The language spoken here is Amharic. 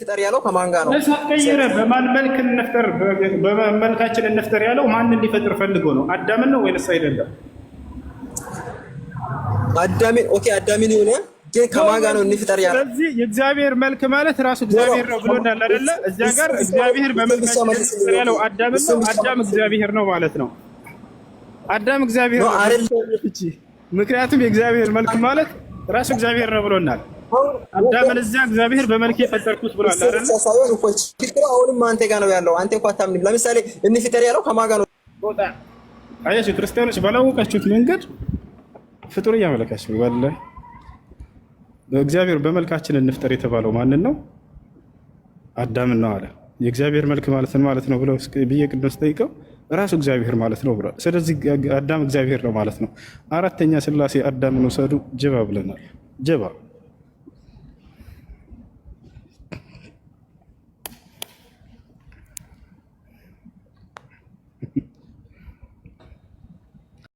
ፍጠር ያለው ከማን ጋር ነው? ቀይረ በማን መልክ እንፍጠር በመልካችን እንፍጠር ያለው ማን እንዲፈጥር ፈልጎ ነው? አዳምን ነው ወይንስ አይደለም? አዳሚን ኦኬ፣ አዳሚን ይሁን ግን ከማን ጋር ነው እንፍጠር ያለው? ስለዚህ የእግዚአብሔር መልክ ማለት ራሱ እግዚአብሔር ነው ብሎናል አይደለ? እዚያ ጋር እግዚአብሔር በመልካችን እንፍጠር ያለው አዳም ነው። አዳም እግዚአብሔር ነው ማለት ነው። አዳም እግዚአብሔር ነው አይደል? ምክንያቱም የእግዚአብሔር መልክ ማለት ራሱ እግዚአብሔር ነው ብሎናል። አዳምን እዚያ እግዚአብሔር በመልክ የፈጠርኩት ብሏል አይደል? ሳይሆን እኮ ችግሩ አሁንም አንተ ጋ ነው ያለው። አንተ እኮ አታምንም። ለምሳሌ እንፍጠር ያለው ከማጋ ነው። አያችሁ፣ ክርስቲያኖች ባላወቃችሁት መንገድ ፍጡር እያመለካችሁ ባለ እግዚአብሔር በመልካችን እንፍጠር የተባለው ማንን ነው? አዳምን ነው አለ። የእግዚአብሔር መልክ ማለት ማለት ነው ብለው ብዬ ቅድም ስጠይቀው ራሱ እግዚአብሔር ማለት ነው ብሏል። ስለዚህ አዳም እግዚአብሔር ነው ማለት ነው። አራተኛ ሥላሴ አዳምን ውሰዱ ጀባ ብለናል። ጀባ